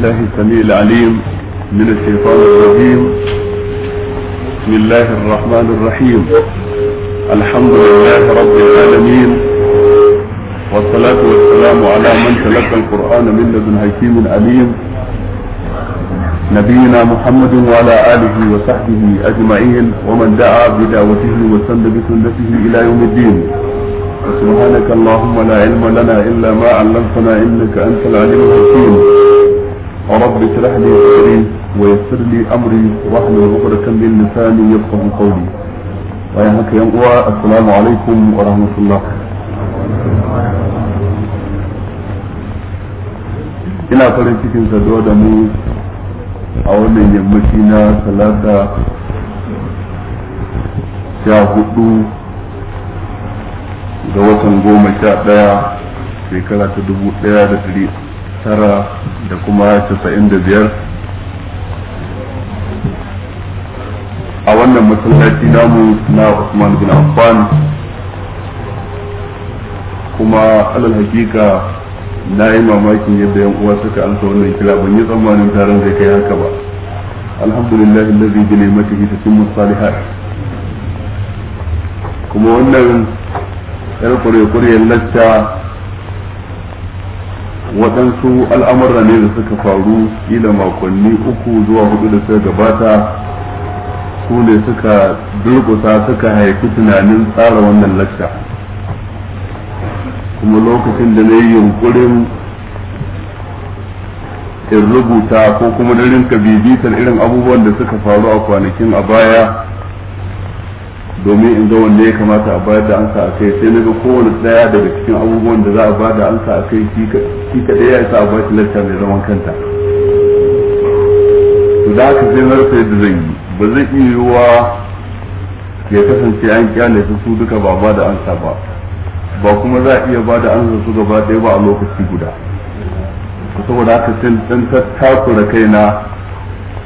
الله السميع العليم من الشيطان الرجيم بسم الله الرحمن الرحيم الحمد لله رب العالمين والصلاة والسلام على من تلقى القرآن من لدن هيثم عليم نبينا محمد وعلى آله وصحبه أجمعين ومن دعا بدعوته وسلم بسنته إلى يوم الدين سبحانك اللهم لا علم لنا إلا ما علمتنا إنك أنت العليم الحكيم رب اشرح لي صدري ويسر لي امري واحلل عقدة من لساني يفقهوا قولي bayan haka yan uwa assalamu alaikum wa rahmatullah ina farin cikin saduwa da mu a wannan yammaci na talata sha hudu ga watan goma sha daya shekara ta dubu ɗaya da dari tara da kuma casa'in da biyar a wannan masallaci namu na Usman bin Affan kuma alal hakika na yi mamakin yadda yan uwa suka amsa wannan kira ban yi tsammanin taron zai kai haka ba alhamdulillah allazi bi ni'matihi tatimmu salihat kuma wannan yar kure-kuryen lacca waɗansu al'amurra ne da suka faru kila makonni uku zuwa hudu da suka gabata su ne suka durkusa suka haifi tunanin tsara wannan lacca kuma lokacin da na yi yunkurin in rubuta ko kuma na rinka bibitar irin abubuwan da suka faru a kwanakin a baya domin in ga wanda ya kamata a bayar da ansa a kai sai na ga kowane daya daga cikin abubuwan da za a ba da ansa a kai shi daya ya isa a ba shi lacca mai zaman kanta to da aka sai da yadda zan yi ba zai iya yiwuwa ya kasance an kyale su su duka ba ba da ansa ba ba kuma za a iya ba da ansa su gaba ɗaya ba a lokaci guda saboda aka sai dan tattakura kaina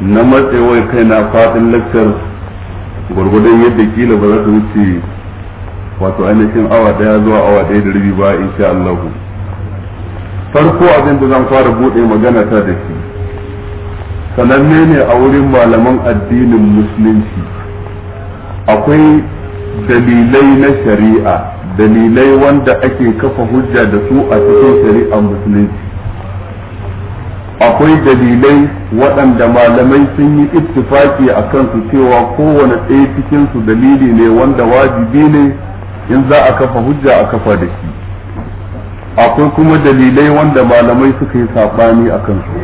na matsewar kaina fadin lakcar. gwargwadon yadda kila ba za ta wuce wato ainihin awa daya zuwa awa daya da rabi ba insha Allah farko abin da zan fara bude magana ta da shi sananne ne a wurin malaman addinin musulunci akwai dalilai na shari'a dalilai wanda ake kafa hujja da su a cikin shari'ar musulunci akwai dalilai waɗanda malamai sun yi ittifaki a kansu cewa kowane ɗaya cikinsu dalili ne wanda wajibi ne in za a kafa hujja a kafa da shi akwai kuma dalilai wanda malamai suka yi saɓani a kansu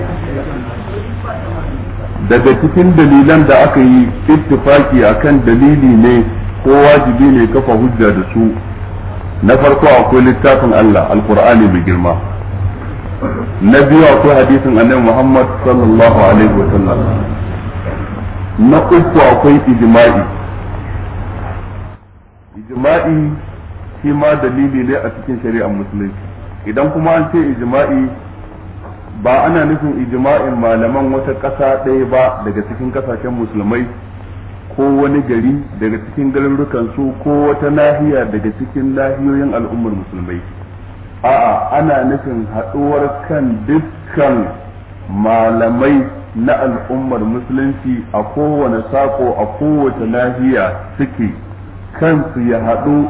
daga cikin dalilan da aka yi ittifaki a kan dalili ne ko wajibi ne kafa hujja da su na farko akwai littafin Allah alkur'ani mai girma na biyu akwai hadisin annabi Muhammad sallallahu alaihi wa sallam na uku akwai ijma'i ijma'i shi ma dalili ne a cikin shari'ar musulunci idan kuma an ce ijma'i ba ana nufin ijma'in malaman wata ƙasa ɗaya ba daga cikin ƙasashen musulmai ko wani gari daga cikin garurukan su ko wata nahiya daga cikin nahiyoyin al'ummar musulmai a'a ana nufin haɗuwar kan dukkan malamai na al'ummar musulunci a kowane sako a kowace lahiya suke kan su ya haɗu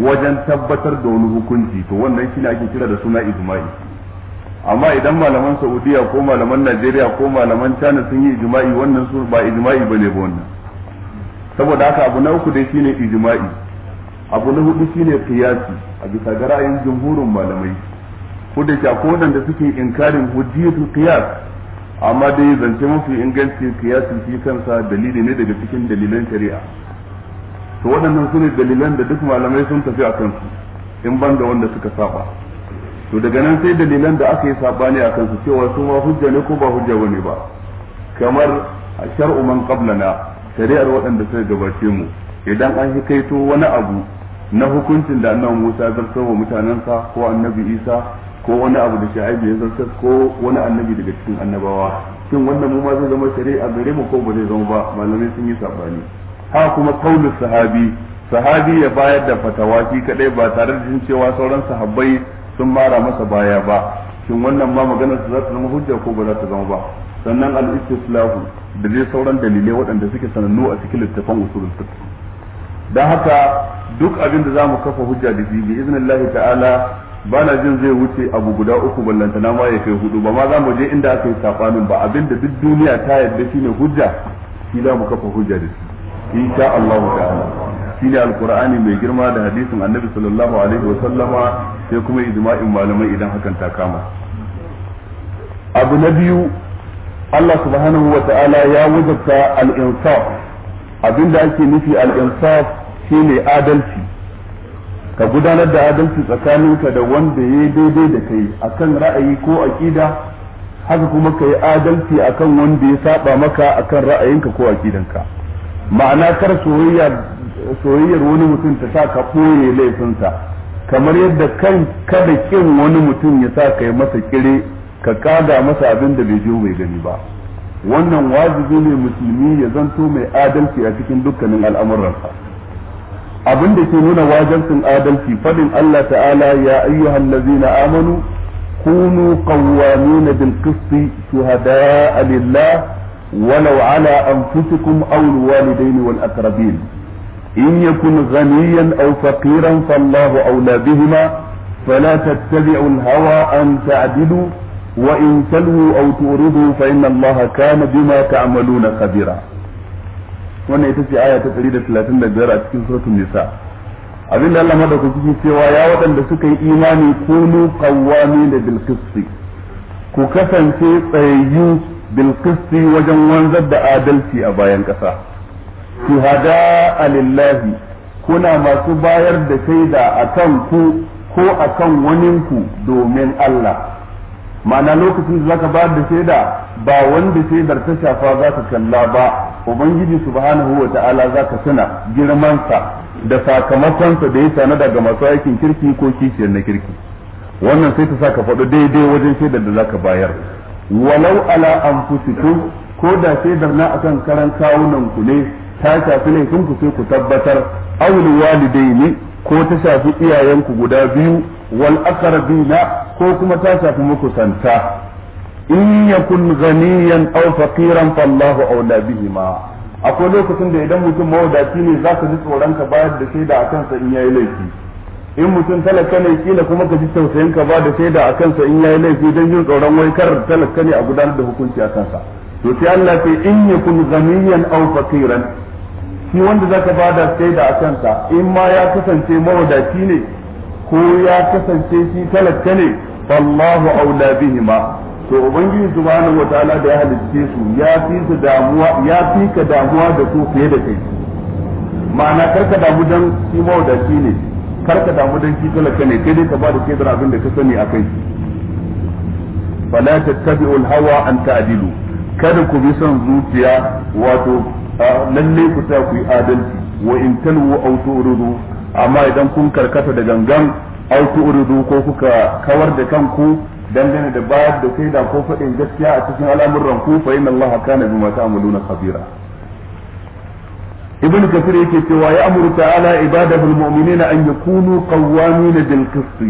wajen tabbatar da wani hukunci to wannan shi ne ake kira da suna ijma'i amma idan malaman saudiya ko malaman najeriya ko malaman china sun yi ijma'i wannan su ba ijma'i ne ba wannan saboda haka abu na uku dai shine ijma'i abu na hudu shine qiyasi a bisa ga ra'ayin jumhurin malamai ko da ko da suke inkarin hujjatul qiyas amma dai zance mafi inganci qiyasin shi kansa dalili ne daga cikin dalilan shari'a to waɗannan sune dalilan da duk malamai sun tafi a kansu in ban da wanda suka saba to daga nan sai dalilan da aka yi sabani a kansu cewa su ma hujja ne ko ba hujja bane ba kamar shar'u man qablana shari'ar waɗanda suka gabace mu idan an hikaito wani abu na hukuncin da annabi Musa zartar wa mutanensa ko annabi Isa ko wani abu da shaibu ya zartar ko wani annabi daga cikin annabawa shin wannan mu ma zai zama shari'a gare mu ko ba zai zama ba malamai sun yi sabani ha kuma kaulu sahabi sahabi ya bayar da fatawa shi kadai ba tare da jin cewa sauran sahabbai sun mara masa baya ba shin wannan ma maganar za ta zama hujja ko ba za ta zama ba sannan al-istislahu da dai sauran dalilai waɗanda suke sanannu a cikin littafin usulul fiqh da haka duk abin da za mu kafa hujja da shi bi iznillahi ta'ala ba na jin zai wuce abu guda uku ballantana ma ya kai hudu ba ma za mu je inda aka yi sabanin ba abin da duk duniya ta yarda shine hujja shi za mu kafa hujja da shi insha Allah ta'ala shine alqur'ani mai girma da hadisin annabi sallallahu alaihi wa sallama sai kuma ijma'in malamai idan hakan ta kama abu na biyu Allah subhanahu wa ta'ala ya wajabta al-insaf abinda ake nufi al-insaf ne adalci ka gudanar da adalci tsakaninka da wanda ya daidai da kai akan ra'ayi ko aƙida haka kuma ka yi adalci akan wanda ya saba maka akan ra'ayinka ko aƙidanka ma'ana kar soyayyar wani mutum ta sa ka ɓoye laifinsa kamar yadda kan kada kin wani mutum ya sa ka yi masa kire ka kada masa abin da bai je bai gani ba wannan wajibi ne musulmi ya zanto mai adalci a cikin dukkanin al'amuransa abin da ke nuna wajibcin adalci fadin Allah ta'ala ya ayyuhal ladzina amanu kunu qawwamin bil qisti shuhada'a lillah walau ala anfusikum aw al walidayn wal aqrabin in yakun ghaniyan aw faqiran fallahu awla bihima فلا تتبعوا الهوى أن تعدلوا وإن تلووا أو تورضوا فإن الله كان بما تعملون خبيرا wannan ita ce aya ta 135 a cikin suratul nisa abinda Allah madaukaki cewa ya waɗanda suka yi imani kunu qawwami da bil ku kasance tsayayyu bil wajen wanzar da adalci a bayan ƙasa shuhada lillahi kuna masu bayar da shaida akan ku ko akan waninku domin Allah ma'ana lokacin da zaka bayar da shaida ba wanda shaidar ta shafa za ka kalla ba ubangiji subhanahu wa ta'ala za ka tuna girmansa da sakamakonsa da ya tana daga masu aikin kirki ko kishiyar na kirki wannan sai ta saka faɗo daidai wajen shaidar da za ka bayar walau ala anfusikum ko da shaidar na akan karan kawunan ku ne ta shafi laifin ku sai ku tabbatar walidai walidaini ko ta shafi iyayenku guda biyu wal aqrabina ko kuma ta shafi makusanta in yakun ghaniyan aw faqiran fallahu awla bihima akwai lokacin da idan mutum mawadaci ne zaka ji tsoron ka bayar da shaida akan sa in yayi laifi in mutum talaka ne kila kuma ka ji tausayin ka ba da shaida akan sa in yayi laifi don yin tsoron wai kar talaka ne a gudanar da hukunci akan sa to sai Allah ce in yakun ghaniyan aw faqiran shi wanda zaka bada sai da a kansa in ma ya kasance mawadaci ne ko ya kasance shi talaka ne Allahu aula bihima to ubangiji subhanahu wataala da ya halicce su ya fi su damuwa ya fi ka damuwa da su fiye da kai ma'ana karka damu dan shi mawadaci ne karka damu dan shi talaka ne kai dai ka bada kai abin da ka sani a kai fala tattabi'ul hawa an ta'dilu kada ku bi son zuciya wato lallai ku sa ku yi adalci wa in talwu aw amma idan kun karkata da gangan aw tu'ridu ko kuka kawar da kanku dangane da bayar da kai da ko faɗin gaskiya a cikin al'amuran ku fa inna Allah kana bima ta'maluna khabira ibn kafir yake cewa ya amuru ta'ala ibadahu almu'minina an yakunu qawwamin bil qist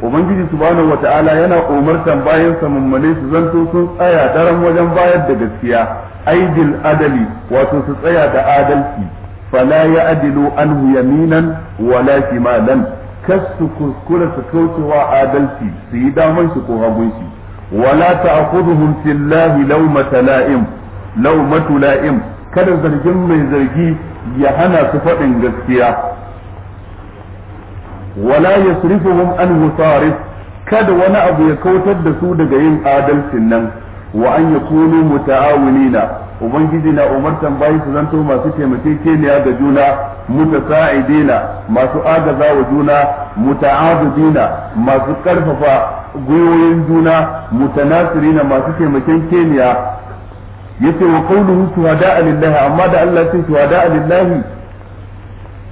ubangiji subhanahu wata'ala yana umartan bayansa mummale su zanto sun tsaya daren wajen bayar da gaskiya aidil adali wato su tsaya da adalci fala ya adilu anhu yaminan wala shimalan kas su kuskura su kaucewa adalci su yi daman shi ko hagun shi wala ta'khudhuhum fillahi lawmata la'im laumatu la'im kada zargin mai zargi ya hana su faɗin gaskiya wala yasrifuhum anhu sarif kada wani abu ya kautar da su daga yin adalcin nan wa an yakunu muta'awinina ubangiji na umartan bayi su zanto masu keniya ga juna mutasa'idina masu agaza wa juna muta'adudina masu karfafa gwiwoyin juna mutanasirina masu taimakekeniya yace wa qawluhu shuhada'a lillahi amma da Allah sai shuhada'a lillahi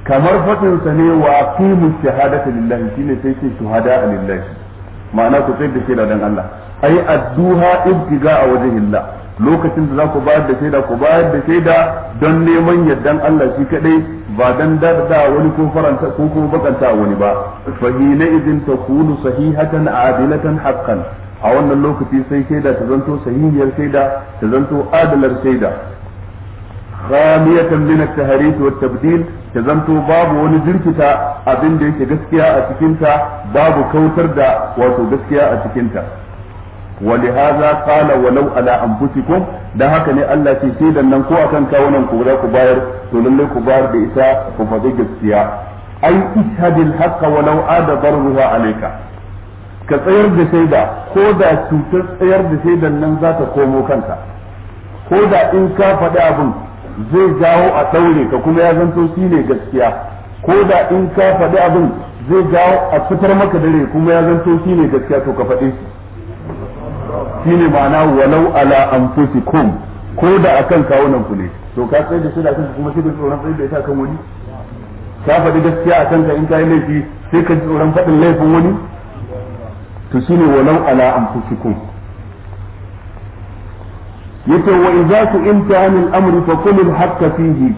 kamar fadin sa ne wa aqimu shahadata lillahi shine sai ce shuhada'a lillahi ma'ana ku sai da shi dan Allah ai adduha ibtiga a illa lokacin da za ku bayar da shaida ku bayar da shaida don neman yardan Allah shi kadai ba dan dada wani ko faranta ko kuma bakanta wani ba fa hina idin takunu sahihatan adilatan haqqan a wannan lokaci sai shaida ta zanto sahihiyar shaida ta zanto adalar shaida wani من abin da تزمتو gaskiya a cikin ta babu kautar da wato gaskiya a cikin ta. ولهذا قال walau على ko da haka ne Allah ce sai dan nan ko akan kawunan ku za ku bayar to lalle ku bayar da ita ku fadi gaskiya ai ishadil haqqa walau ada darruha alayka ka tsayar da shaida ko da cutar tsayar da shaidan nan za ta komo kanka ko da in ka faɗi abin zai jawo a ɗaure ka kuma ya zanto shi ne gaskiya ko da in ka faɗi abin zai jawo a fitar maka dare kuma ya zanto shi ne gaskiya to ka faɗe su. shine ma'ana walau ala anfusikum ko da akan kawunan ku ne to ka tsaye da shi da kanka kuma sai da tsoron tsaye da ita kan wani ka faɗi gaskiya a kanka in ka yi laifi sai ka ji tsoron faɗin laifin wani to shine walau ala anfusikum yace wa idza tu'imta anil amri fa qul al haqqa fihi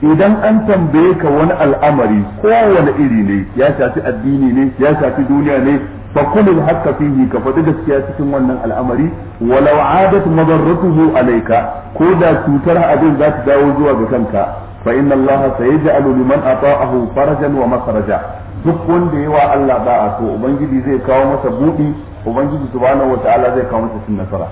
idan an tambaye ka wani al'amari kowane iri ne ya shafi addini ne ya shafi duniya ne fa kullu hakka fihi ka faɗi gaskiya cikin wannan al'amari walau adat madarratuhu alayka ko da cutar abin za ta dawo zuwa ga kanka fa inna allaha sayaj'alu liman ata'ahu farajan wa makhraja duk wanda yawa Allah ba'a to, so ubangiji zai kawo masa budi ubangiji subhanahu wata'ala zai kawo masa cin nasara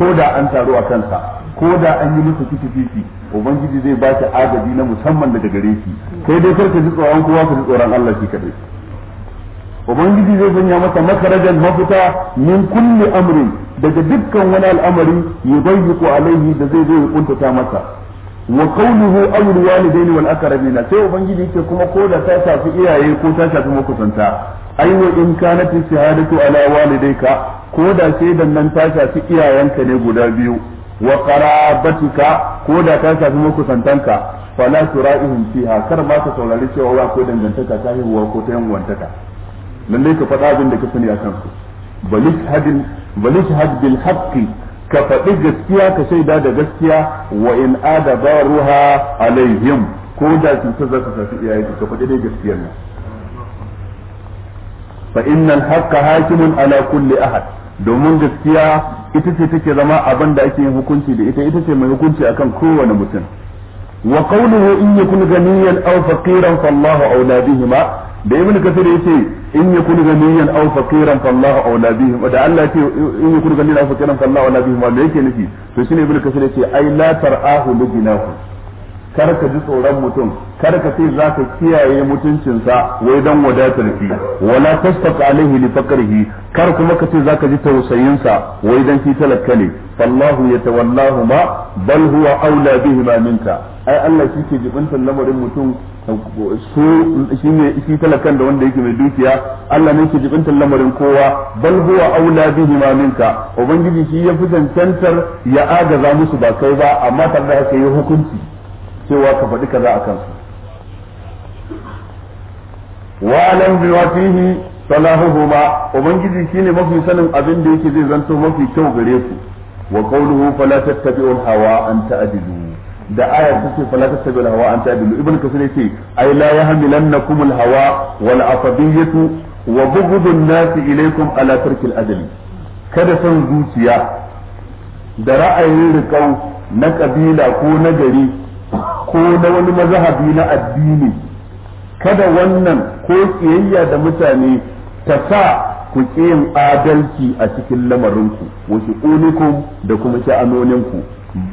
ko da an taru a kansa ko da an yi masa kici fifi ubangiji zai ba ta agaji na musamman daga gare shi kai dai karka ji tsoron kowa ka ji tsoron Allah shi kadai ubangiji zai sanya masa makarajan mafita min kulli amrin daga dukkan wani al'amari ya yudayyiqu alaihi da zai zai kuntata masa wa qawluhu amru walidaini wal aqrabina sai ubangiji yake kuma ko da ta shafi iyaye ko ta shafi makusanta ai in kanat shahadatu ala walidayka ko da sai dan nan ta shafi iyayenka ne guda biyu wa qarabatika ko da ka shafi makusantanka fala tura'ihum fiha kar ba ka saurari cewa wa ko dangantaka ta haihuwa ko ta yanwantaka lalle ka faɗa abin da ka sani akan su balishhadin balishhad bil haqqi ka faɗi gaskiya ka shaida da gaskiya wa in adaba ruha alaihim ko da cutar za ta shafi iyaye ka faɗi dai gaskiyar nan fa innal haqqa hakimun ala kulli ahad domin gaskiya ita ce take zama abin da ake yin hukunci da ita ita ce mai hukunci akan kowane mutum wa qawluhu in yakun ganiyan aw faqiran allahu awla bihima da ibnu kasir yace in yakun ganiyan aw faqiran allahu awla bihima da Allah yace in yakun ganiyan aw faqiran allahu awla bihima da yake nufi to shine ibnu kasir yace ai la tar'ahu liginahu kar ka ji tsoron mutum kar ka ce za ka kiyaye mutuncinsa wai dan wadatar shi wala tastaq alaihi li faqrihi kar kuma ka ce za ka ji tausayinsa wai don shi talakka ne fallahu yatawallahu ma bal huwa aula ma minka ai Allah shi ke jibintar lamarin mutum su shi ne shi talakan da wanda yake mai dukiya Allah ne ke jibintar lamarin kowa bal huwa aula ma minka ubangiji shi ya fi cancantar ya agaza musu ba kai ba amma tare da haka yi hukunci cewa ka faɗi kaza a kansu wa alam bi wa salahuhuma ubangiji shine mafi sanin abin da yake zai zanto mafi kyau gare su wa qawluhu fala tattabi'ul hawa an ta'dilu da aya ta ce fala tattabi'ul hawa an ta'dilu ibn kasir yace ai la yahmilannakum al hawa wal afadiyatu wa bughdun nas ilaykum ala tarkil adli kada son zuciya da ra'ayin riƙau na kabila ko na gari ko na wani mazhabi na addini kada wannan ko kiyayya da mutane ta sa ku yin adalci a cikin lamarinku wasu shu'unikum da kuma sha'anoninku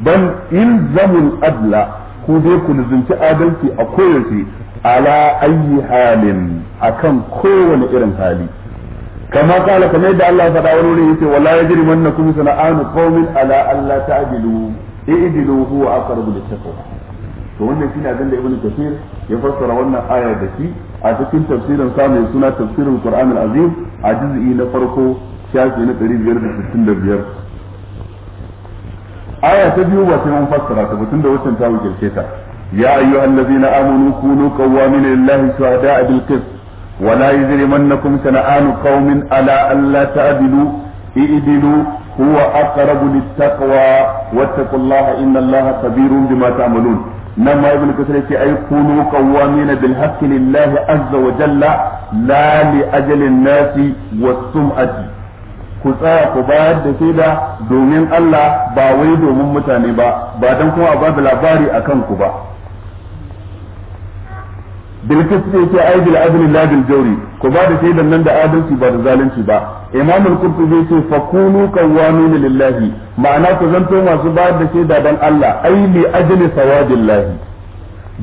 bal ilzamul adla ku dai ku luzunci adalci a koyaushe ala ayyi halin akan kowane irin hali kama kala kamar yadda Allah ya faɗa wani wurin yace wala yajrimannakum sana'anu qaumin ala alla ta'dilu i'dilu huwa aqrabu lit-taqwa to wannan shine abin da ibnu kafir ya fassara wannan aya da shi a cikin tafsirin sa mai suna tafsirin qur'an al-azim a juz'i na farko shafi na 565 aya ta biyu ba sai mun fassara ta tunda wucin ta wuce ta ya ayyuhal ladzina amanu kunu qawwamin lillahi shuhada'a bil qist wa la yajrimannakum shana'anu qaumin ala alla ta'dilu i'dilu huwa aqrabu lit-taqwa wattaqullaha innallaha khabirun bima ta'malun nan ma ibn kasir yace ay kunu qawamin bil haqqi lillahi azza wa jalla la li ajalin nasi was sum'ati ku tsaya ku bayar da shaida domin Allah ba wai domin mutane ba ba dan kuma a ba labari akan ku ba bilkis ne ce ai bil adli la bil jawri ko ba da shaidar nan da adalci ba da zalunci ba imam al-qurtubi ce fa kunu qawamin lillahi ma'ana ku zanto masu ba da shaida dan Allah ai li ajli sawabillahi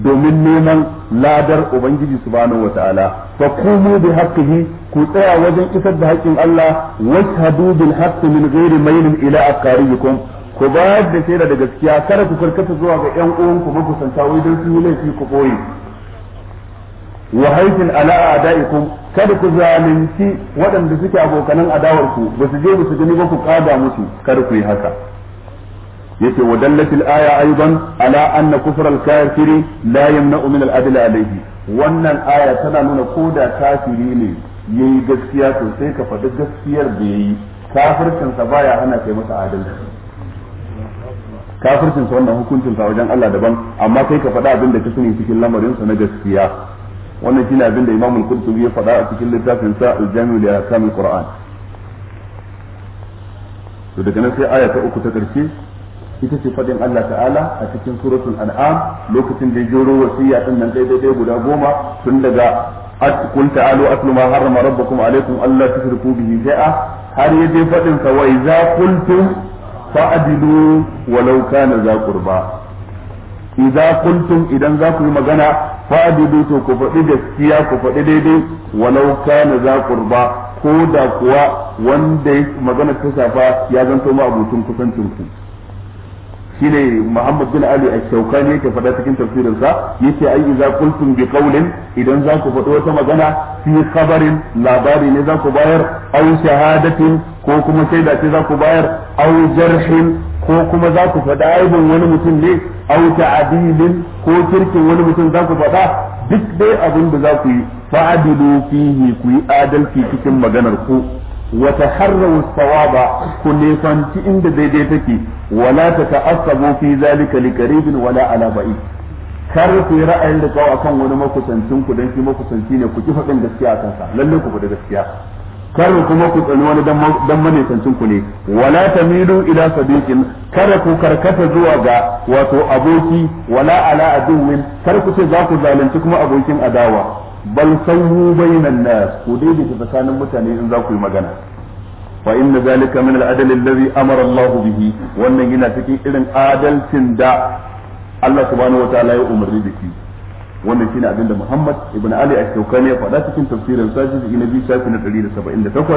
domin neman ladar ubangiji subhanahu wataala fa qumu bi haqqihi ku tsaya wajen isar da haƙƙin Allah washhadu bil haqqi min ghairi mailin ila aqaribikum ku ba da shaida da gaskiya kada ku farkata zuwa ga 'yan uwanku makusanta wai don su laifi ku ɓoye. wa haifin ala a'daikum kada ku zalunci waɗanda suke abokanan adawarku ku ba su je ba su gani ba ku kada musu kada ku yi haka yace wa dallatil aya aidan ala anna kufr al kafiri la yamna'u min al adl alayhi wannan aya tana nuna ko da kafiri ne yayi gaskiya to sai ka faɗi gaskiyar da yayi kafircin sa baya hana kai masa adalci kafircin sa wannan hukuncin sa wajen Allah daban amma kai ka faɗi abin da ka sani cikin lamarin sa na gaskiya wannan shine bin da Imam al ya faɗa a cikin littafin sa Al-Jami' li Ahkam to daga nan sai aya ta uku ta karshe ita ce fadin Allah ta'ala a cikin suratul an'am lokacin da ya jero wasiya din nan dai guda goma tun daga atqul ta'alu atlu ma harrama rabbukum alaykum alla tushriku bihi shay'a har ya je fadin sa wai idza qultum fa'dilu walau kana za qurba idza qultum idan za ku yi magana fadidu to ku faɗi gaskiya ku faɗi daidai walau kana za ba ko da kuwa wanda magana ta shafa ya zanto ma abutun kusancin ku shine Muhammad bin Ali al-Shawkani yake faɗa cikin tafsirin sa yace ai idza qultum bi qawlin idan za ku faɗi wata magana fi khabarin labari ne za ku bayar aw shahadatin ko kuma sai ce za ku bayar aw jarhin ko kuma za ku faɗa aibin wani mutum ne au ta'dilin ko kirkin wani mutum za ku faɗa duk dai abin da za ku yi fa'adilu fihi ku yi adalci cikin maganar ku wa taharrawu sawaba ku nefanci inda daidai take wala ta ta'assabu fi zalika li qaribin wala ala ba'id kar ku yi ra'ayin da kawo akan wani makusancin ku dan shi makusanci ne ku ki faɗin gaskiya a kansa lalle ku faɗi gaskiya kar kuma ku tsani wani dan manisancin ku ne wala tamilu ila sadiqin kada ku karkata zuwa ga wato aboki wala ala aduwin kar ku ce za ku zalunci kuma abokin adawa bal sawu bainan nas ku daidaita tsakanin mutane in za ku yi magana fa inna zalika min al-adl alladhi amara Allah bihi wannan yana cikin irin adalcin da Allah subhanahu wataala ya umarni da shi wannan shine abin da Muhammad ibn Ali al-Shawkani ya faɗa cikin tafsirin sa juz'i na biyu shafi na 178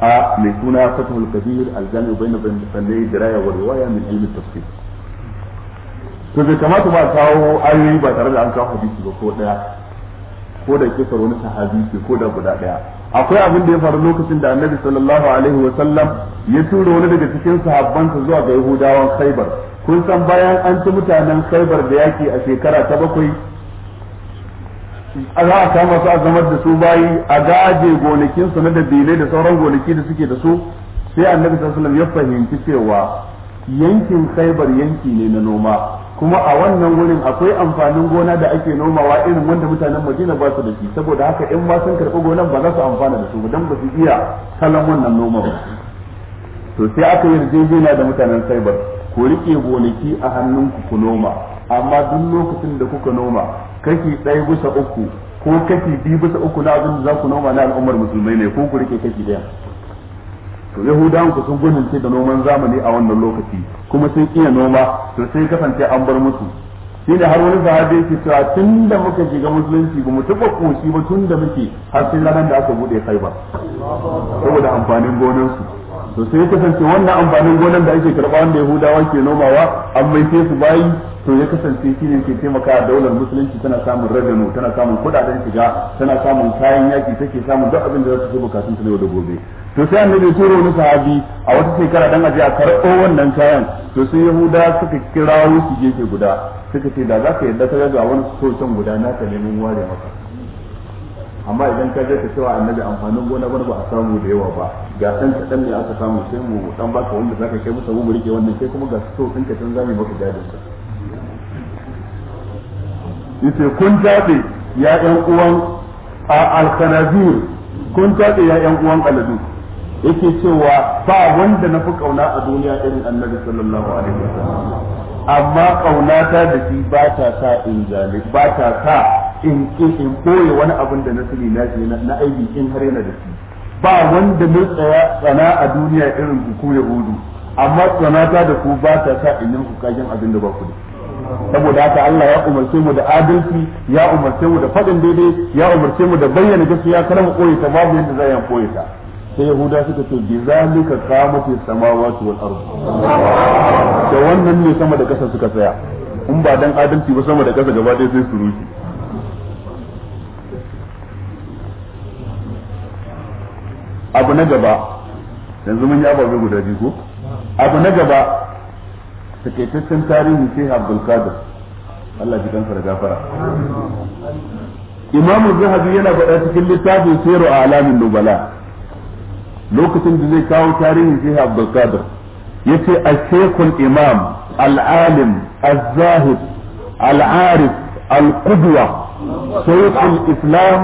a mai suna Fathul Kabir al-Jami' bayna fannay diraya wa riwaya min ilmi tafsir to bai kamata ba kawo ayoyi ba tare da an kawo hadisi ba ko daya ko da kisar wani sahabi ce ko da guda daya akwai abin da ya faru lokacin da Annabi sallallahu alaihi wa sallam ya tura wani daga cikin sahabbansa zuwa ga Yahudawan Khaibar kun san bayan an ci mutanen Khaibar da yaki a shekara ta bakwai a za a kama su a zamar da su bayi a gaje gonakinsu na dabilai da sauran gonaki da suke da su sai annabi sallallahu ya fahimci cewa yankin khaibar yanki ne na noma kuma a wannan wurin akwai amfanin gona da ake nomawa irin wanda mutanen majina ba su da shi saboda haka in ma sun karɓi gonan ba za su amfana da su ba dan ba su iya salon wannan noma ba to sai aka yarjejena da mutanen Khaibar ku rike gonaki a hannunku ku noma amma duk lokacin da kuka noma kashi ɗaya bisa uku ko kashi biyu bisa uku na abin da za ku noma na al'ummar musulmai ne ko ku rike kashi ɗaya to yahudawan ku sun gudunce da noman zamani a wannan lokaci kuma sun iya noma to sai kasance an bar musu shine har wani sahabi yake cewa tun da muka shiga musulunci ba mu taɓa koshi ba tun da muke har sai ranar da aka buɗe ba saboda amfanin gonansu to sai kasance wannan amfanin gonan da ake karɓa wanda yahudawa ke nomawa an mai su bayi to ya kasance shi ne ke taimaka daular musulunci tana samun ragano tana samun kudaden shiga tana samun kayan yaki take samun duk abin da za su so bukatun ta da gobe to sai annabi turo wani sahabi a wata shekara dan aje a karɓo wannan kayan to sai yahuda suka kira su gefe guda suka ce da za ka yarda ka ga wani sosan guda na ka neman ware maka amma idan ka je ka cewa annabi amfanin gona wani ba a samu da yawa ba ga san dan ne aka samu sai mu dan baka wanda zaka kai musu mu rike wannan sai kuma ga so ka tun zami maka ka yace kun tabe ya yan uwan al-khanazir kun tabe ya yan uwan aladu yake cewa ba wanda na fi kauna a duniya irin annabi sallallahu alaihi wasallam amma ta da shi ba ta sa in zalik ba ta sa in in koyi wani abin da na sani na shi na aibi in har yana da shi ba wanda mai tsaya tsana a duniya irin ku ku yahudu amma tsanata da ku ba ta sa in yanku kagen abin da ba ku da shi saboda haka Allah ya umarce mu da adalci ya umarce mu da faɗin daidai ya umarce mu da bayyana gaskiya kada mu koyi ta babu yadda za a koyi ta sai yahuda suka ce bi zalika qamati samawati wal ard da wannan ne sama da ƙasa suka tsaya in ba dan adalci ba sama da ƙasa gaba ɗaya sai su rushe abu na gaba yanzu mun yi ababe guda biyu ko abu na gaba takaitaccen tarihi sai Abdul Qadir Allah shi kansa da gafara Imam Zahabi yana faɗa cikin littafin Sayru Alamin Nubala lokacin da zai kawo tarihin Sheikh Abdul Qadir yace a sheikhul Imam al-Alim al-Zahid al-Arif al-Qudwa Shaykh al-Islam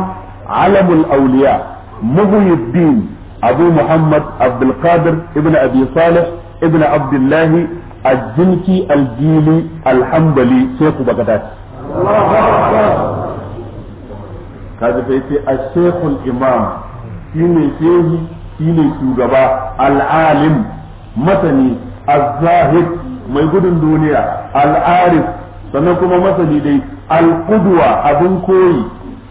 علم الأولياء مغي الدين أبو محمد عبد القادر ابن أبي صالح ابن عبد الله الجنكي الجيلي الحنبلي شيخ بغداد kaji fa a ashekul imam shine shehi shine shugaba al'alim masani az-zahid mai gudun duniya al'arif sannan kuma masani dai al-qudwa abin koyi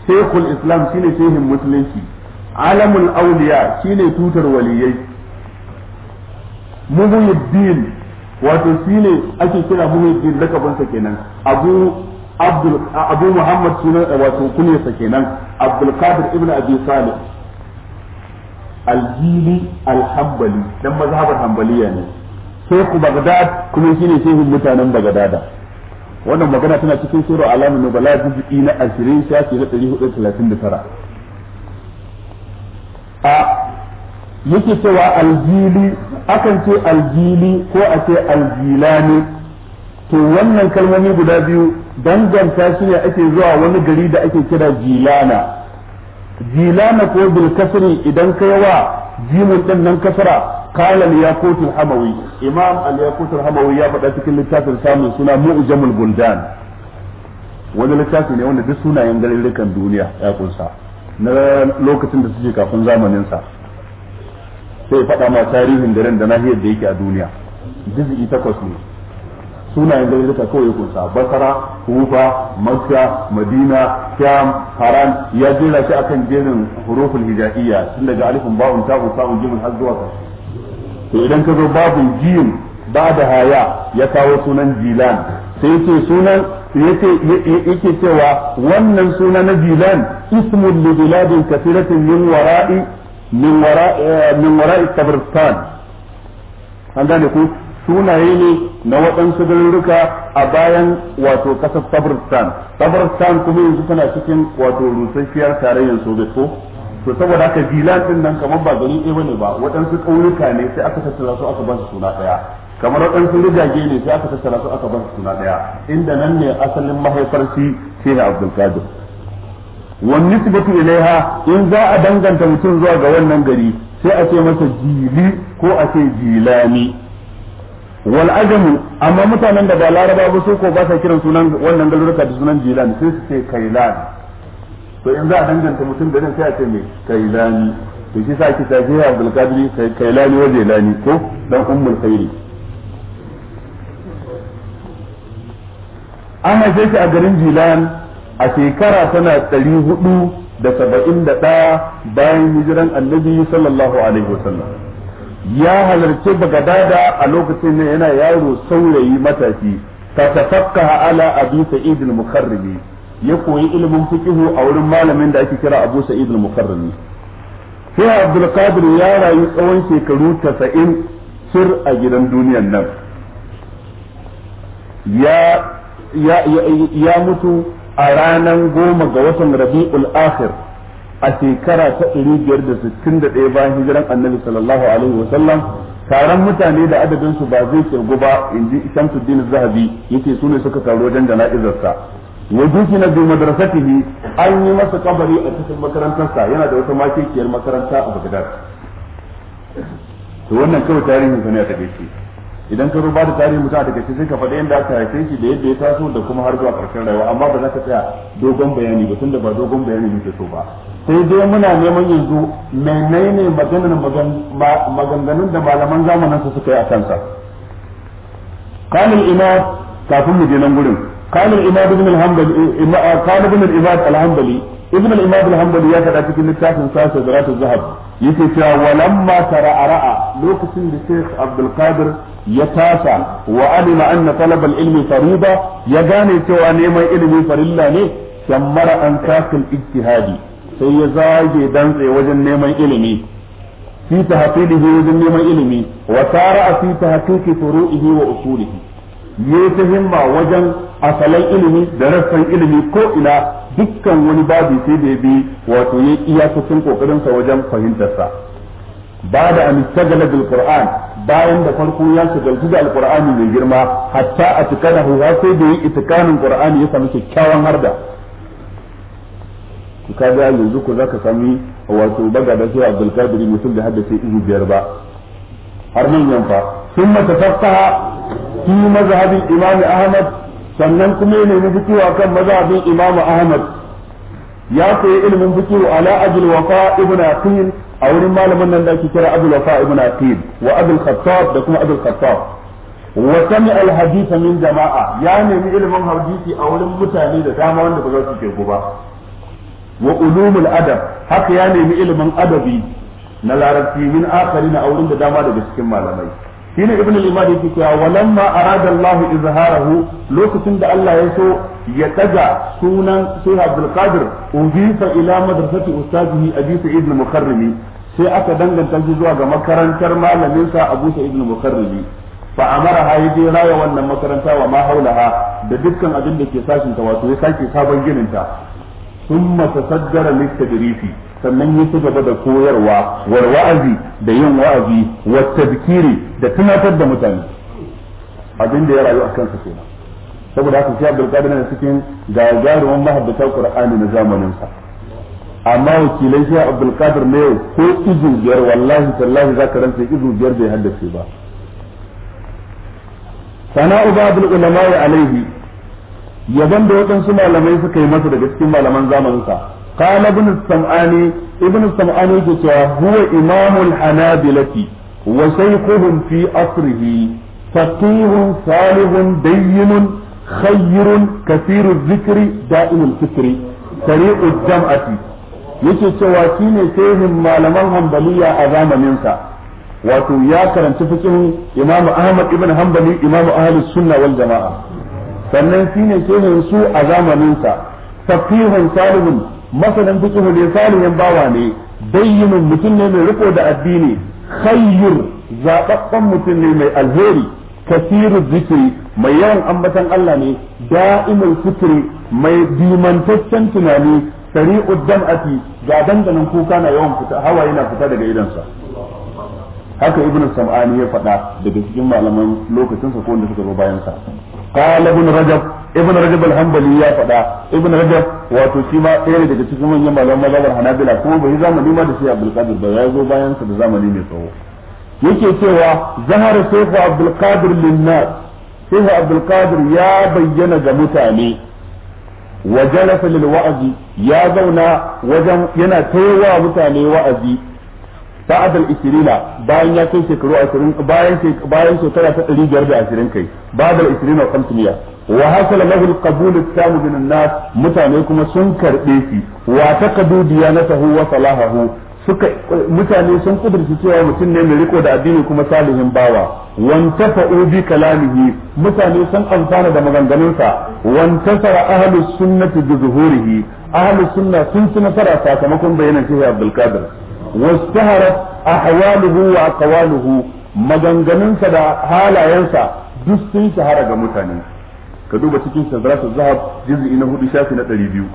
shekul islam shine shehin musulunci alamul auliya shine tutar waliyai muhyiddin wato shine ake kira muhiddin lakabinsa kenan abu abdul abu muhammad sunan wato kunyarsa kenan abdul qadir ibn abi salih aljili alhambali dan mazhabar hambaliya ne shehu bagdad kuma shine shehun mutanen bagdada wannan magana tana cikin sura alamun nubala juz'i na 20 shafi na 439 a yake cewa aljili akan ce aljili ko a ce aljilani to wannan kalmomi guda biyu danganta su ne ake zuwa wani gari da ake kira jilana jilana ko bil kasri idan kai wa jimin din nan kasra qala al yaqut al hamawi imam al yaqut al hamawi ya faɗa cikin littafin samun suna mu'jamul buldan wani littafi ne wanda duk sunayen garirrikan duniya ya kunsa na lokacin da suke kafin zamaninsa. sa sai ya faɗa ma tarihin garin da nahiyar da yake a duniya juz'i takwas ne sunayen garuruka kawai ya kunsa basara kufa makka madina sham haran ya jera shi akan jerin huruful hijaiyya tun daga alifin ba'un ta'un samun jimin har zuwa to idan ka zo babun jiyin ba da haya ya kawo sunan jilan sai ce sunan yace yake cewa wannan suna na jilan ismun li biladin kathiratin min wara'i Eh, min wara'i kabristan an gane ku sunaye ne na waɗansu garuruka a bayan wato ƙasar kabristan kabristan kuma yanzu tana cikin wato rusasshiyar tarayyar soviet ko to saboda haka zilan din nan kamar ba gari ɗaya ne ba waɗansu ƙauyuka ne sai aka tattara su aka ba su suna ɗaya kamar waɗansu rigage ne sai aka tattara su aka ba su suna ɗaya inda nan ne asalin mahaifar shi shehu abdulkadir wan nisbatu ilaiha in za a danganta mutum zuwa ga wannan gari sai a ce masa jili ko a ce jilani wal ajamu amma mutanen da ba laraba ba su ko ba sa kiran sunan wannan garuruka da sunan jilan sai su ce kailan to in za a danganta mutum da sai a ce mai kailani to shi sa ake tafi ya abdul kadiri kailani wa jilani ko dan ummul khairi amma sai a garin jilan a shekara tana ɗari hudu da saba'in da ɗaya bayan hijiran annabi sallallahu alaihi wasallam ya halarci bagadada a lokacin da yana yaro saurayi matashi ta tafakkaha ala abi sa'id al ya koyi ilimin fiqihu a wurin malamin da ake kira abu sa'id al-mukarrimi sai abdul qadir ya rayu tsawon shekaru 90 sir a gidan duniyar nan ya ya ya mutu a ranar goma ga watan rabi'ul akhir a shekara ta ɗaya bayan hijiran annabi sallallahu alaihi wa sallam taron mutane da adadin su ba zai kirgu ba inji Shamsuddin Zahabi yake sune suka taru wajen jana'izar sa wa na biyu madrasatihi an yi masa kabari a cikin makarantarsa yana da wata makekiyar makaranta a Bagdad. to wannan kawai tarihin sa ne a takaice idan ka ba da tarihi mutum a daga sai ka faɗi yadda aka haife shi da yadda ya taso da kuma har zuwa ƙarshen rayuwa amma ba za ka tsaya dogon bayani ba tunda ba dogon bayani muke so ba sai dai muna neman yanzu menene ne maganganun da malaman zamanin su suka yi a kansa kalin ima kafin mu je nan gurin kalin imam ibn al-hanbali eh, kalin ibn al-imam al-hanbali ibn al imad al-hanbali ya faɗa cikin littafin sa zaratu zahab yake cewa walamma ara'a lokacin da Sheikh Abdul Qadir ya tasa wa alima anna talab al-ilmi ba, ya gane cewa neman ilimi farilla ne shammara an kasil ijtihadi sai ya zage dantse wajen neman ilimi fi tahqiqihi wajen neman ilimi wa tara fi tahqiqi furu'ihi wa usulihi ya ta himma wajen asalan ilimi da rassan ilimi ko ina dukkan wani babu sai da bi wato ya iyakacin kokarin sa wajen fahimtar sa بعد أن استجل بالقرآن bayan da farko ya shagaltu da alqur'ani mai girma hatta a tukanahu huwa sai da yi itikanin qur'ani ya samu kyakkyawan harda ku kaga yanzu ku zaka sami wato baga da shi Abdul Qadir mutum da haddace izu biyar ba har nan yan fa thumma tafaqaha fi mazhabin Imam Ahmad sannan kuma ne ne fito akan mazhabin Imam Ahmad ya koyi ilimin fiqh ala ajil wafa ibn aqil a wurin malamin nan da ake kira Abdul Wafa ibn Aqil wa Abdul Khattab da kuma Abdul Khattab wa sami al hadith min jama'a ya nemi ilimin hadisi a wurin mutane da dama wanda ba za su ke ba wa ulumul adab haka ya nemi ilimin adabi na larabci min akharina a wurin da dama daga cikin malamai shine ibn al-imam yake cewa walamma arada Allah izharahu lokacin da Allah ya so ya daga sunan Sheikh Abdul Qadir ubisa ila madrasati ustadihi Abi Sa'id al mukarrami. sai aka danganta shi zuwa ga makarantar malamin sa Abu Sa'id al-Mukarribi fa amara ha yaje raya wannan makaranta wa ma haulaha da dukkan abin da ke sashin ta wato ya sake sabon ginin ta thumma tasaddara litadrisi sannan ya ci gaba da koyarwa war wa'azi da yin wa'azi wa tadhkiri da tunatar da mutane abin da ya rayu akan sa kenan saboda haka sai Abdul Qadir na cikin gagarumin mahabbatan Qur'ani na zamanin sa amma wakilai shi Abdul Qadir ne ko izu biyar wallahi za zaka rantsa izu biyar bai haddace ba sana'u abdul ulama alaihi yaban da waɗansu malamai suka yi masa daga cikin malaman zamaninsa kala ibn sam'ani ibn sam'ani ke cewa huwa imamul hanabilati wa shaykhuhum fi asrihi faqihun salihun dayyinun khayrun kathirul dhikri da'imul fikri sari'ud jam'ati yake cewa shine shehin malaman hanbaliya a zamaninsa wato ya karanci fiqhin imamu ahmad ibn hanbali imamu ahlus sunna wal jamaa sannan shine shehin su a zamaninsa faqihun salihun masanin fiqhu ne salihin bawa ne bayyinin mutum ne mai riko da addini khayyur zababban mutum ne mai alheri kasiru zikiri mai yawan ambatan Allah ne da'imul fikri mai dimantaccen tunani sari'ud dam'ati ga dandanan kuka na yawan fita hawaye na fita daga idansa haka ibnu sam'ani ya faɗa daga cikin malaman lokacin sa ko wanda suka zo bayan sa qala rajab ibn rajab al-hanbali ya faɗa ibn rajab wato shi ma ɗaya daga cikin manyan malaman mazhabar hanabila kuma bai zamani ma da shi abdul qadir ba ya zo bayan sa da zamani mai tsawo yake cewa zahara sayfu abdul qadir lin-nas sayfu abdul qadir ya bayyana ga mutane wa jalasa lil wa'zi ya zauna wajen yana tayawa mutane wa'azi ba'da al bayan ya kai shekaru 20 bayan bayan shekara ta 520 kai ba'da al-20 wa 500 wa hasala lahu al-qabul at-tam min an mutane kuma sun karbe shi wa taqadu diyanatahu wa salahahu mutane sun kudurci cewa mutum ne mai riko da addini kuma salihin bawa وانتفعوا بكلامه متاني سن أنفانا دا مغنغنوسا وانتفع أهل السنة بظهوره أهل السنة سن سنة سرى ساكمكم بين شيخ عبد القادر واشتهرت أحواله وأقواله مغنغنوسا دا هالا ينسى دستين شهر متاني كدوبة تكين سدرات الذهب جزء إنه دشاف نتري بيو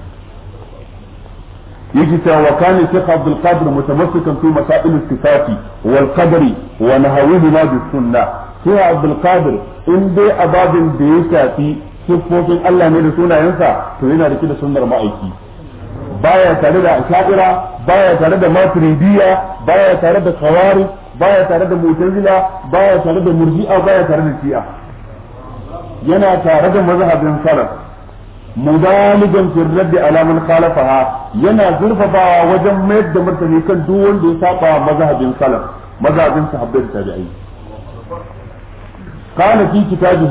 yake cewa wa kana shaykh abdul qadir mutamassikan fi masail istifati wal qadri wa nahawihima bis sunnah shaykh abdul qadir in dai ababin da ya shafi siffofin Allah ne da sunayensa to yana rike da sunnar ma'aiki baya tare da sha'ira baya tare da maturidiyya baya tare da kawari baya tare da mutazila baya tare da murji'a baya tare da shi'a yana tare da mazhabin salaf mubaligan fi raddi ala man khalafaha yana zurfafawa wajen mayar da martani kan duk wanda ya saba mazhabin salaf mazhabin sahabbai da tabi'ai kana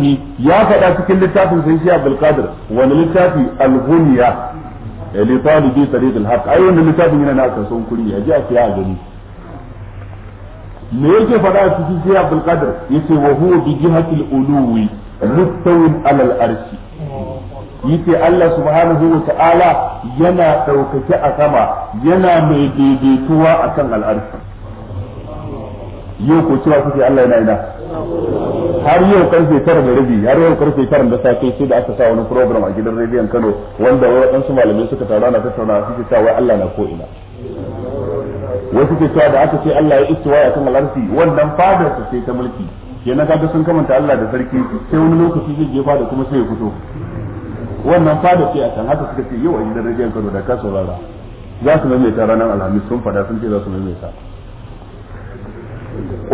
fi ya faɗa cikin littafin sai shi Abdul Qadir wani littafi al-Hunya li talibi tariq al-haq ai wannan littafin yana na son kuri ya ji a siya a gani me yake faɗa a cikin sai Abdul Qadir yace wa huwa bi jihati al-uluwi mustawin ala al-arshi yace Allah subhanahu wa ta'ala yana ɗaukaki a sama yana mai daidaituwa akan al'arshi yau ko cewa kuke Allah yana ina har yau karfe tara da rabi har yau karfe tara da safe sai da aka sa wani program a gidan rediyon Kano wanda waɗansu malamai suka taru na tattauna suke cewa wai Allah na ko ina wasu ke cewa da aka ce Allah ya istiwa akan al'arshi wannan fadar su ta mulki kenan kaga sun kamanta Allah da sarki sai wani lokaci zai je da kuma sai ya fito wannan fada ce a can haka suka ce yau a gidan rajiyar Kano da ka saurara za su maimaita ranar alhamis sun fada sun ce za su maimaita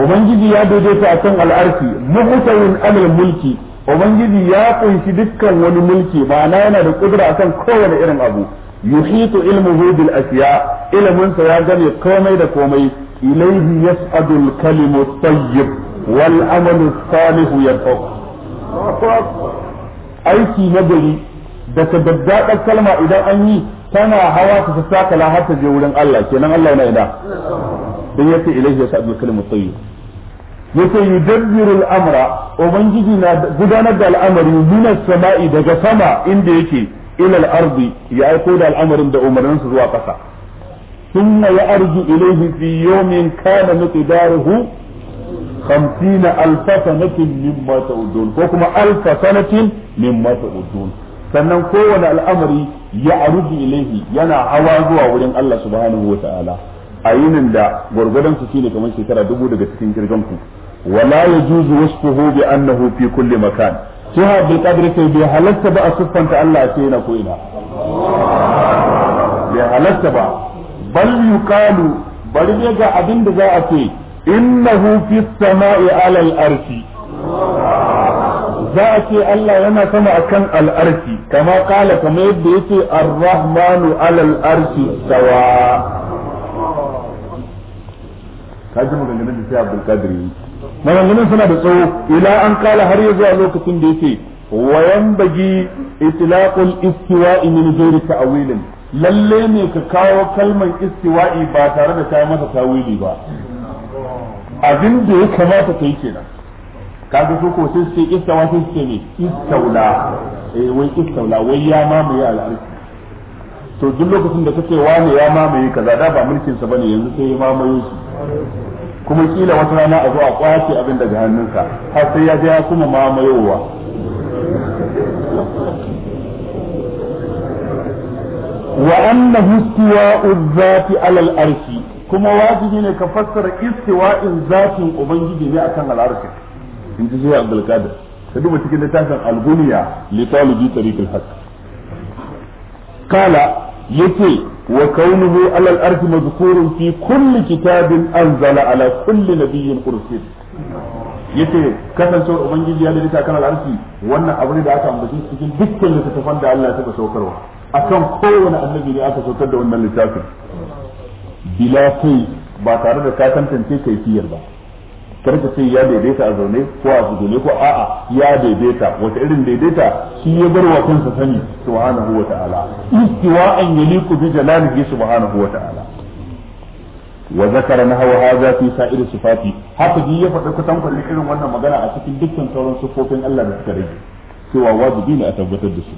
ubangiji ya daidaita a kan al'arfi muhutawin alal mulki ubangiji ya kunshi dukkan wani mulki ma'ana yana da kudura akan kowane irin abu yuhitu ilmuhu hudul asiya ilmin sa ya gane komai da komai ilaihi yas'adu al kalimu at-tayyib wal amalu as-salih aiki na gari da ta daddaɗar kalma idan an yi tana hawa ta sakala har ta je wurin Allah kenan Allah yana ina dan yace ilaihi ya sa'dul kalimu tayyib yace yudabbiru amra ubangiji na gudanar da al'amari min samai daga sama inda yake ila al-ardi ya aiko da al'amarin da umarnin su zuwa ƙasa thumma ya'rju ilaihi fi yawmin kana miqdaruhu 50 alf sanatin mimma ta'udun ko kuma alf sanatin mimma ta'udun sannan kowane al'amari ya arudu ilaihi yana hawa zuwa wurin Allah subhanahu wa ta'ala a yinin da gwargwadon su shine kamar shekara dubu daga cikin kirgan ku wala yajuzu wasfuhu bi annahu fi kulli makan sai ha bil qadri sai bi halatta ba a siffanta Allah a ce yana ko ina bi halatta ba bal yuqalu bari ne ga abin da za a ce innahu fi samai alal arshi za a ce Allah yana sama akan al'arshi kama kala kama yadda yake ar-rahmanu alal arshi sawa kaji maganganun da sai Abdul Qadir yi maganganun suna da tsawo ila an kala har ya a lokacin da ya yake wa yanbaghi itlaqul istiwa'i min ghairi ta'wilin lalle ne ka kawo kalman istiwa'i ba tare da ta masa tawili ba abin da ya kamata ka yi kenan kaga su ko sai ce istawa sun ce ne istaula eh wai istaula wai ya mamaye al'arki to duk lokacin da kace wani ya mamaye kaza da ba mulkin sa bane yanzu sai ya mamaye shi kuma kila wata rana a zo a kwace abin daga hannunka, har sai ya ga kuma mamayowa wa annahu istiwa'u dhati 'ala al-arshi kuma wajibi ne ka fassara istiwa'in zatin ubangiji ne akan al-arshi in ji zuwa abdul qadir ka duba cikin littafin al-bunya li talibi tariq al-haq qala yace wa kaunuhu ala al-arsh madhkurun fi kulli kitabin anzala ala kulli nabiyyin qursin yace kasancewar ubangiji ya lalita kan al'arshi wannan abu ne da aka ambace cikin dukkan littattafan da Allah ya taba saukarwa akan kowane annabi ne aka saukar da wannan littafin bila kai ba tare da ka tantance kaifiyar ba karka ce ya daidaita a zaune ko a zugune ko a'a ya daidaita wata irin daidaita shi ya bar wa kansa sani subhanahu wa ta'ala istiwa'an ku bi jalalihi subhanahu wa ta'ala wa zakara na hawa haza fi sa'ir sifati haka ji ya faɗa kusan kwalli irin wannan magana a cikin dukkan sauran sifofin Allah da suka rage cewa wajibi ne a tabbatar da su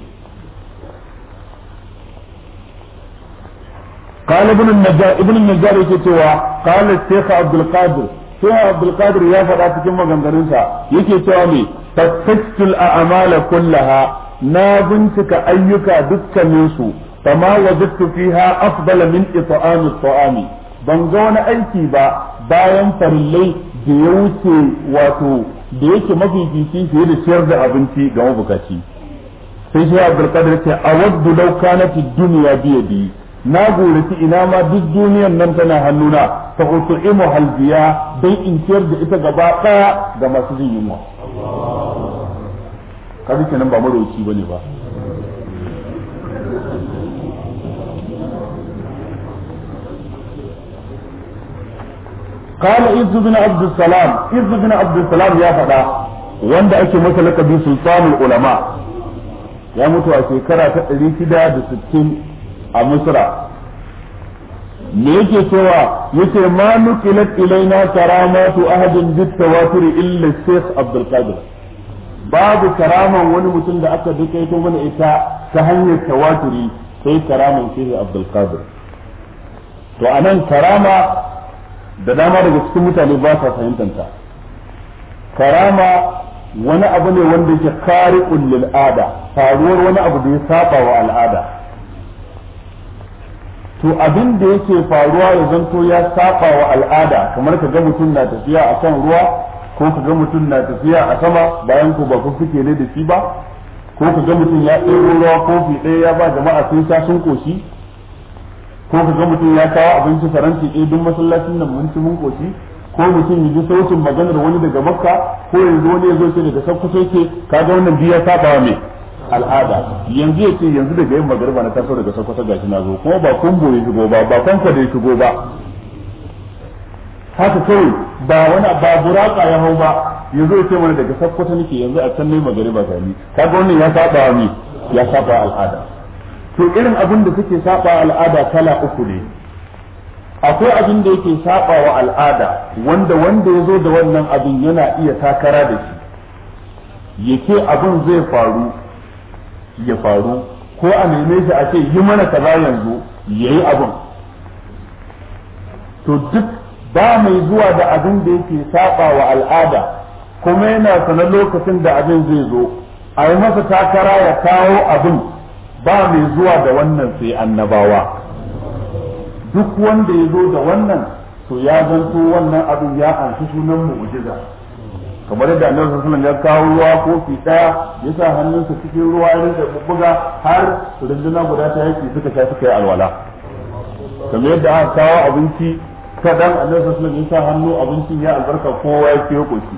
قال ابن النجار ابن النجار يقول قال الشيخ عبد القادر sai Abdul Qadir ya faɗa cikin maganganunsa yake cewa me fataktul a'mala kullaha na bincika ayyuka dukkanin su fama wajadtu fiha afdala min it'ami at'ami ban ga wani aiki ba bayan farillai da ya wuce wato da yake mafifici fiye da ciyar da abinci ga mabukaci sai shi Abdul Qadir ce awaddu law kanat ad-dunya bi yadi na gorafi ina ma duk duniyan nan tana hannuna fa utu'imu halbiya dai in ciyar da ita gaba daya ga masu jin yunwa kaga kenan ba maroki ba ne ba. بن عبد السلام إذ بن عبد السلام يا wanda ake masa lakabi sultanul ulama ya mutu a shekara ta 660 a misra me yake cewa yace ma nuqilat ilaina karamatu ahadin bit tawatur illa shaykh abdul qadir babu karaman wani mutum da aka dukaito mana ita ta hanyar tawaturi sai karaman shehu abdul qadir to anan karama da dama daga cikin mutane ba sa fahimtanta karama wani abu ne wanda yake kari'un lil ada faruwar wani abu da ya saba wa al'ada to abin da yake faruwa ya zanto ya saba wa al'ada kamar ka ga mutum na tafiya a kan ruwa ko ka ga mutum na tafiya a sama bayan ku ba ku fike ne da shi ba ko ka ga mutum ya ɗero ruwa kofi ɗaya ya ba jama'a sun sha sun koshi ko ka ga mutum ya kawo abinci faranti ɗaya duk masallacin nan mun ci mun koshi ko mutum ya ji sautin maganar wani daga makka ko yanzu wani ya zo ce daga sakkuto ka kaga wannan biya saba wa mai al'ada yanzu ya ce yanzu daga yin magariba na taso daga sokoto ga shi na zo kuma ba kumbo ya shigo ba ba kwanka da ya shigo ba haka kawai ba wani ba buraka ya hau ba yanzu ya ce mana daga sokoto nake yanzu a can ne magariba ga ni kaga wannan ya saba ni ya saba al'ada to irin abin da suke saba al'ada kala uku ne akwai abin da yake saba wa al'ada wanda wanda ya zo da wannan abin yana iya takara da shi yake abin zai faru ya faru ko a neme shi a ce yi mana kaza yanzu ya yi abin. to duk ba mai zuwa da abin da yake saba wa al'ada kuma yana sana lokacin da abin zai zo a yi masa takara ya kawo abin ba mai zuwa da wannan sai annabawa duk wanda ya zo da wannan to ya zanto wannan abin ya anshi sunan mu'jiza kamar yadda annabi sallallahu alaihi ya kawo ruwa kofi daya ya sa hannunsa cikin ruwa ya rinka bubbuga har runduna guda ta yake suka sha suka yi alwala kamar yadda aka kawo abinci kaɗan annabi sallallahu alaihi ya sa hannu abincin ya albarka kowa ya ke koshi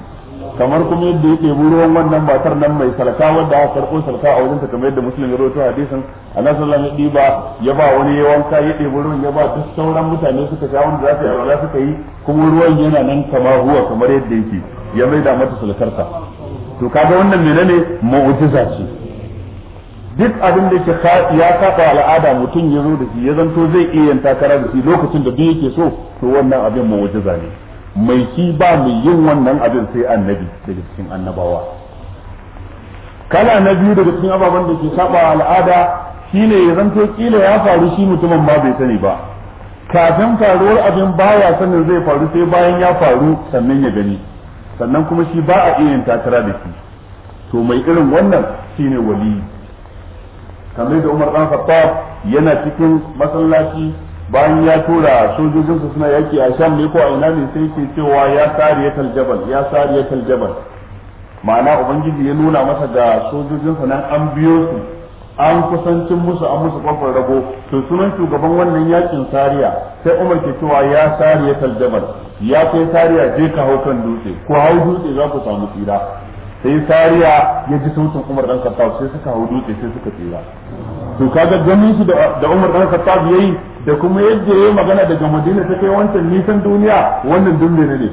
kamar kuma yadda ya ɗebi ruwan wannan matar nan mai salka wanda aka karɓo salka a ta kamar yadda musulmi rawaito hadisin annabi sallallahu alaihi ya diba ya ba wani ya wanka ya ɗebi ruwan ya ba duk sauran mutane suka sha wanda za su yi alwala suka yi kuma ruwan yana nan kama huwa kamar yadda yake ya da mata salkarsa to kaga wannan menene mu'jiza ce duk abin da yake ya saba al'ada mutum ya zo da shi ya zanto zai iya yin takara da shi lokacin da duk yake so to wannan abin mu'jiza ne mai shi ba mai yin wannan abin sai annabi daga cikin annabawa kala na biyu daga cikin ababen da ke saba al'ada shine ya zanto kila ya faru shi mutumin ba bai sani ba kafin faruwar abin baya sanin zai faru sai bayan ya faru sannan ya gani sannan kuma shi ba a iya yin takara da shi to mai irin wannan shine wali kamar da Umar ɗan Khattab yana cikin masallaci bayan ya tura sojojinsa suna yaki a sham ne ko a ina ne sai ke cewa ya ya taljabal ya sariyatal taljabal ma'ana ubangiji ya nuna masa ga sojojinsa nan an biyo su an kusancin musu an musu kwakwar rago to sunan shugaban wannan yakin sariya sai umar ke cewa ya sariyatal taljabal ya kai sariya je ka hau kan dutse ko hau dutse za ku samu tsira sai sariya ya ji sautin umar dan kattawa sai suka hau dutse sai suka tsira to kaga ganin shi da Umar dan Khattab yayi da kuma yadda yayi magana daga Madina ta kai wancan nisan duniya wannan dumbe ne ne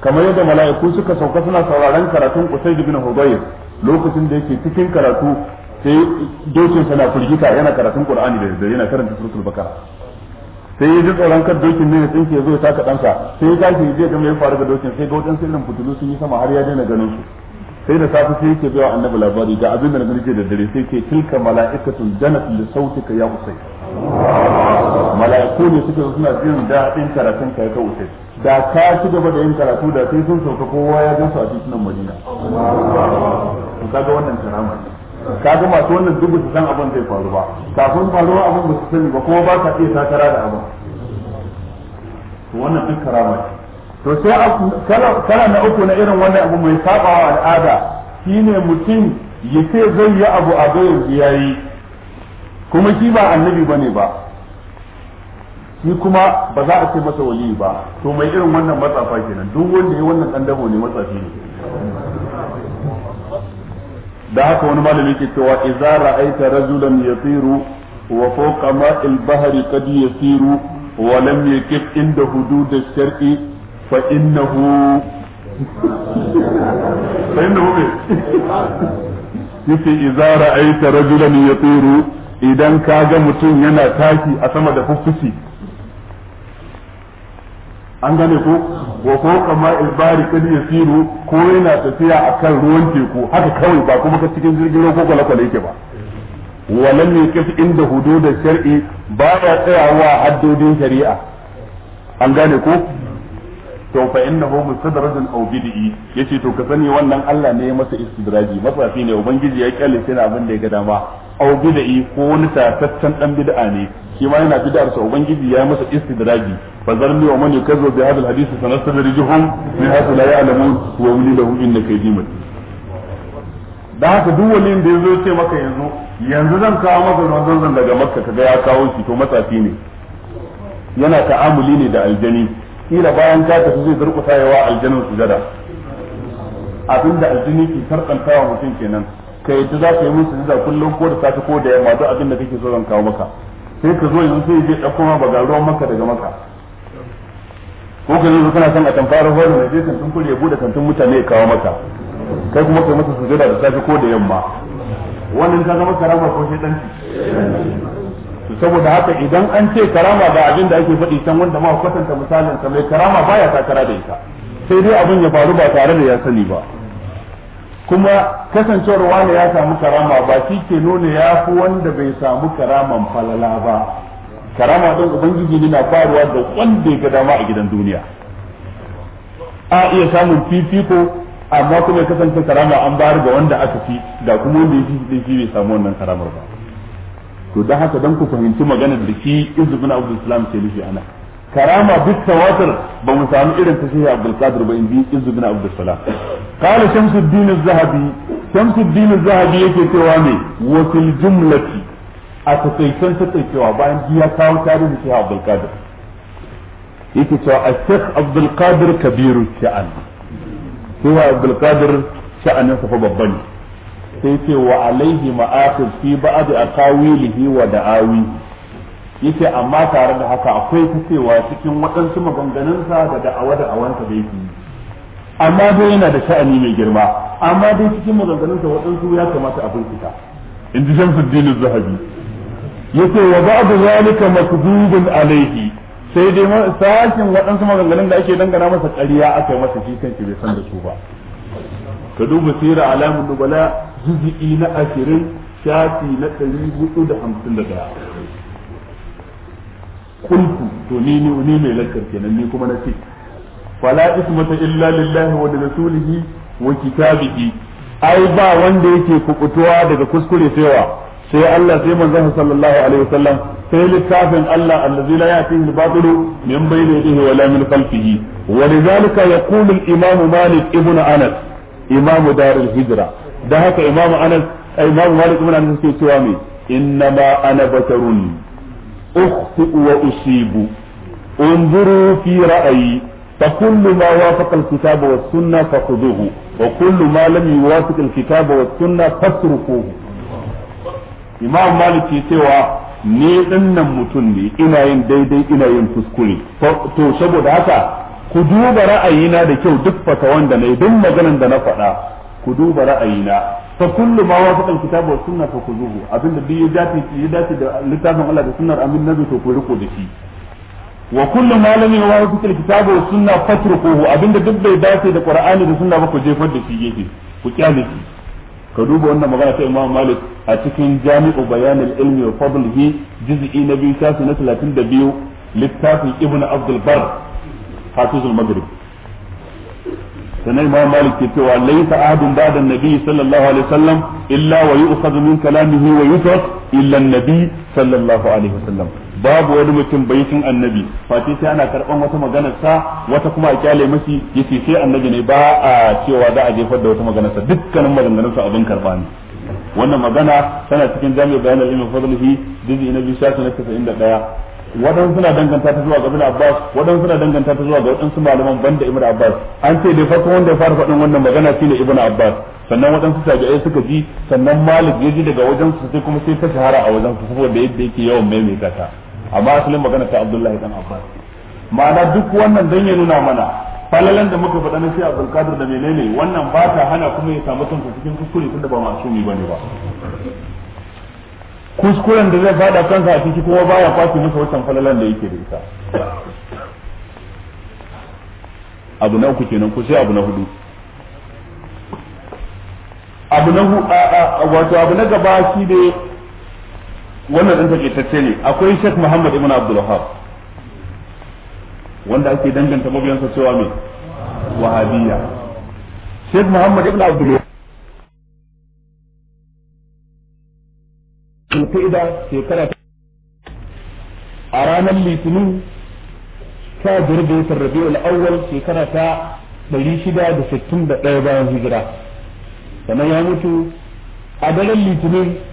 kamar yadda mala'iku suka sauka suna sauraron karatun Usayd ibn Hudayr lokacin da yake cikin karatu sai dokin sa na yana karatun Qur'ani da yadda yana karanta suratul Baqara sai ya ji tsoron kan dokin ne sun ke zo ya taka dansa sai ya tashi ya je ga ya faru da dokin sai ga wadansu irin fitulu sun yi sama har ya daina ganin su sai da safe sai yake biya annabi labari ga abin da na gani da dare sai ke tilka mala'ikatun janat li sautika ya usai mala'iku ne suka suna jin daɗin karatun ka ka usai da ka ci gaba da yin karatu da sai sun sauka kowa ya su a titunan madina kaga wannan karama kaga masu wannan duk su san abin zai faru ba kafin faruwa abin ba su sani ba kuma ba ka iya takara da abin wannan duk karama ce to sai kala na uku na irin wannan abu mai sabawa al'ada shine mutum ya ce zai yi abu a ga ya yi kuma shi ba annabi bane ba shi kuma ba za a ce masa wali ba to mai irin wannan matsafa kenan duk wanda ya wannan dan ne matsafi ne da haka wani malami ke cewa idza ra'aita rajulan yatiru wa fawqa ma'il bahri qad yasiru wa lam yakif inda hudud ash-shar'i fa innahu fa innahu yace idza ra'aita rajulan idan ka ga mutum yana taki a sama da fuffuki an gane ko wa ko kama ibari kadi ya siru ko yana tafiya akan ruwan teku haka kawai ba kuma ka cikin jirgin ruwa ko kwale-kwale yake ba walan ne kasu inda hududar shar'i ba ya tsayawa haddodin shari'a an gane ko to fa innahu mustadrajun aw bid'i yace to ka sani wannan Allah ne ya masa istidraji masafi ne ubangiji ya kyale sai na abin da ya ga dama aw bid'i ko wani tatattan dan bid'a ne shi ma yana bid'ar sa ubangiji ya masa istidraji fa zarni wa man yukazzu bi hadha alhadith sanastadrijuhum min haythu la ya'lamun wa umli lahum innaka yadimun da haka duk wani da yazo ce maka yanzu yanzu zan kawo maka ruwan zanzan daga makka kaga ya kawo shi to matsafi ne yana ta'amuli ne da aljani kila bayan ta tafi zai durkusa yawa aljanun sujada abinda aljini ke karkanta wa mutum kenan ka yadda za ka yi musu sujada kullum ko da safe ko da yamma duk abin da kake so zan kawo maka sai ka zo yanzu sai je dauko ma baga ruwan maka daga maka ko ka zo kana son a tamfara wani ne sai kantin kulle bude kantin mutane ya kawo maka kai kuma kai masa sujada da safe ko da yamma wannan ta zama karama ko shedanci saboda haka idan an ce karama ga abin da ake faɗi can wanda ma kwatanta misalin sa mai karama baya takara da ita sai dai abin ya faru ba tare da ya sani ba kuma kasancewar wani ya samu karama ba shi ke nuna ya fi wanda bai samu karaman falala ba karama ɗin ubangiji ne na faruwa da wanda ya ga dama a gidan duniya a iya samun fifiko amma kuma ya kasance karama an bayar ga wanda aka fi da kuma wanda ya fi bai samu wannan karamar ba to da haka dan ku fahimci maganar da shi izbin abdul Salam ke nufi ana karama duk tawatur ba mu samu irin ta shehu abdul qadir ba in bi izbin abdul salam qala shamsuddin az-zahabi shamsuddin az-zahabi yake cewa ne wa fil jumlati a takaitan ta tsakewa bayan ji ya kawo tarihin shehu abdul qadir yake cewa al-sheikh abdul qadir kabiru sha'an shehu abdul qadir sha'anin sa fa babban ne sai ce wa alaihi ma'akhid fi ba'd kawilihi wa da'awi yake amma tare da haka akwai ta cewa cikin waɗansu maganganunsa da da'awa da awanta da yake amma dai yana da sha'ani mai girma amma dai cikin maganganunsa waɗansu ya kamata a bincika in ji Shamsuddin Zahabi yake wa ba'd zalika makdubun alaihi sai dai sashin waɗansu maganganun da ake dangana masa ƙarya aka yi masa shi kanki bai san da su ba ka duba sira alamun nubala juz'i na ashirin shafi na ɗari hudu da hamsin da ɗaya kulku to ni ne ni mai lakkar kenan ni kuma na ce fala ismata illa lillahi wa rasulihi wa kitabihi ai ba wanda yake kukutuwa daga kuskure cewa sai Allah sai manzon sallallahu alaihi wasallam sai littafin Allah allazi la ya'tihi al-batil min bayni yadihi wa la min khalfihi wa lidhalika yaqulu al-imam Malik ibn Anas imamu darul hijra da haka imamu anas eh, imamu malik ibn anas yake cewa me inna ma انظروا في رأيي فكل ما وافق الكتاب والسنة فخذوه وكل ما لم يوافق الكتاب والسنة فاتركوه imam malik ya cewa ni nan mutum ne ina yin daidai ina yin kuskure to saboda haka ku duba ra'ayina da kyau duk fata wanda na yi duk maganan da na faɗa ku duba ra'ayina fa kullu ma wafaqa kitabu was sunna fa kuzuhu abinda duk ya dace ya dace da littafin Allah da sunnar amin nabi to ku riko da shi wa kullu ma lam yuwafiq kitabu wa sunna fatrukuhu abinda duk bai dace da qur'ani da sunna ba ku jefar da shi yake ku kyale shi ka duba wannan magana ta Imam Malik a cikin Jami'u Bayan ilmi wa Fadlihi juz'i na biyu shafi na 32 littafin Ibn Abdul Barr hafizul maghrib sannan imam malik ke cewa laysa ahadun ba'da nabi sallallahu alaihi wasallam illa wa yu'khadhu min kalamihi wa yutrak illa nabi sallallahu alaihi wasallam babu wani mutum baitin annabi fati sai ana karban wata maganar sa wata kuma a kyale mashi yace sai annabi ne ba a cewa za a jefar da wata maganar sa dukkanin maganganun abin karba ne wannan magana tana cikin jami'a bayanan ilmi fadlihi juz'i na biyu shafi na 91 wadan suna danganta ta zuwa ga Ibn Abbas wadan suna danganta ta zuwa ga wadansu malaman banda Ibn Abbas an ce dai farko wanda ya fara faɗin wannan magana shine Ibn Abbas sannan wadansu tabi'ai suka ji sannan Malik ya ji daga wajen su sai kuma sai ta shahara a wajen su saboda yadda yake yawan maimaita ta amma asalin magana ta Abdullahi dan Abbas ma'ana duk wannan dan ya nuna mana falalan da muka faɗa na shi Abdul Qadir da menene wannan ba ta hana kuma ya samu kansa cikin kuskure tunda ba masumi bane ba kuskuren da zai fada kansa a ciki kuma baya kwace masa wancan falalan da yake da ita abu na uku kenan ko sai abu na hudu abu na wato abu na gaba shi ne wannan ɗin takaitacce ne akwai Sheikh Muhammad Ibn Abdul wanda ake danganta mabiyansa cewa mai wahabiyya Sheikh Muhammad Ibn Abdul zulqa'ida shekara a ranar litinin ta biyar ta watan rabi'ul shekara ta ɗaya bayan hijira sannan ya mutu a daren litinin